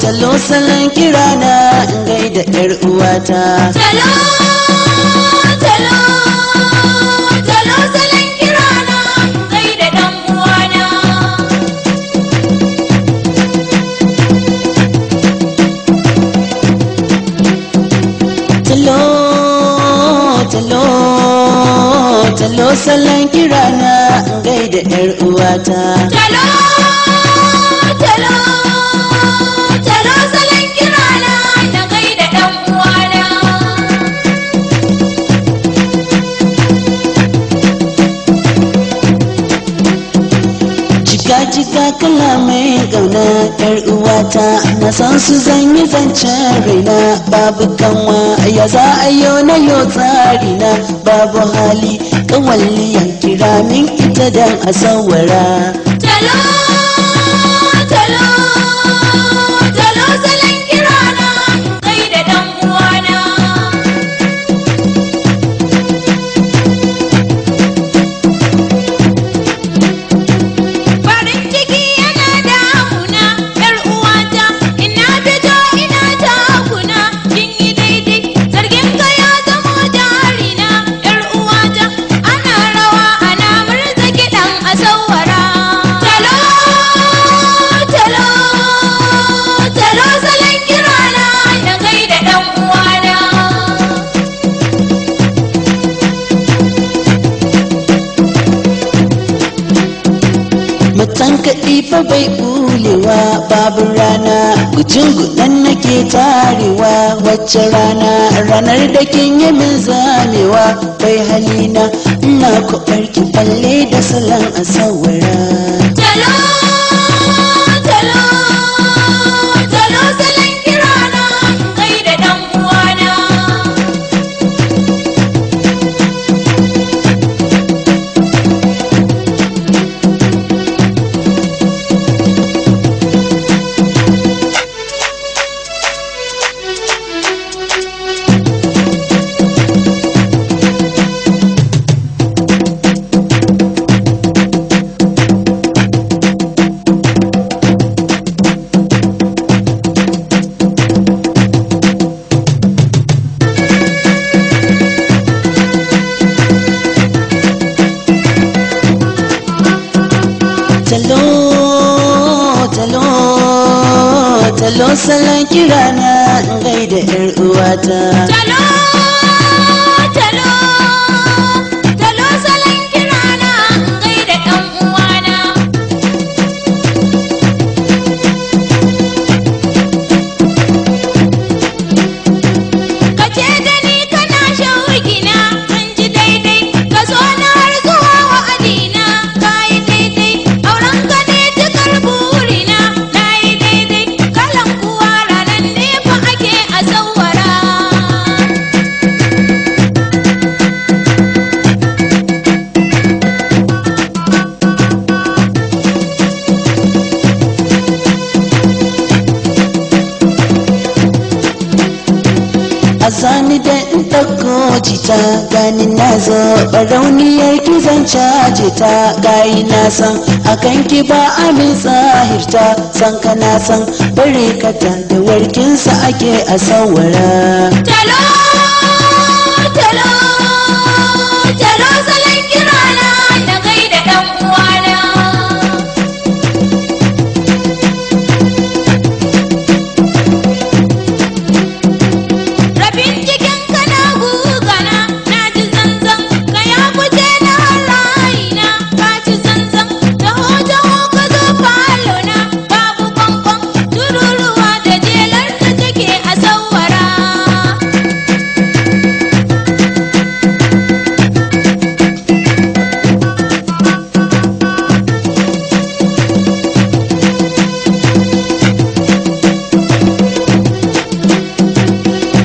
talo salon kira na in gaida yar uwata talo talo talo salon kira na in gaida dan uwana talo talo talo salon kira na in gaida yar uwata talo cika kalamai gauna yar uwata na san su zan yi zancen raina babu kanwa ya za a yau na yau tsari na babu hali kawalli yankira kira min ita dan asawara. saurara tankaɗi fa bai bulewa babu rana gujin gudan nake tarewa wacce rana ranar da kin yi min zamewa bai halina ina kubar ki falle da salon a saurara Talo salon kira na gai da 'yar uwata. Talo! ta gani na zo barauniyar ki zan caje ta gayi na san akan ki ba amin tsahirta san ka san bari ka da warkinsa ake a sawara.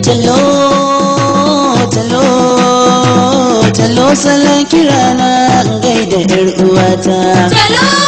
talo talo talo salon kirana gaida 'yar uwata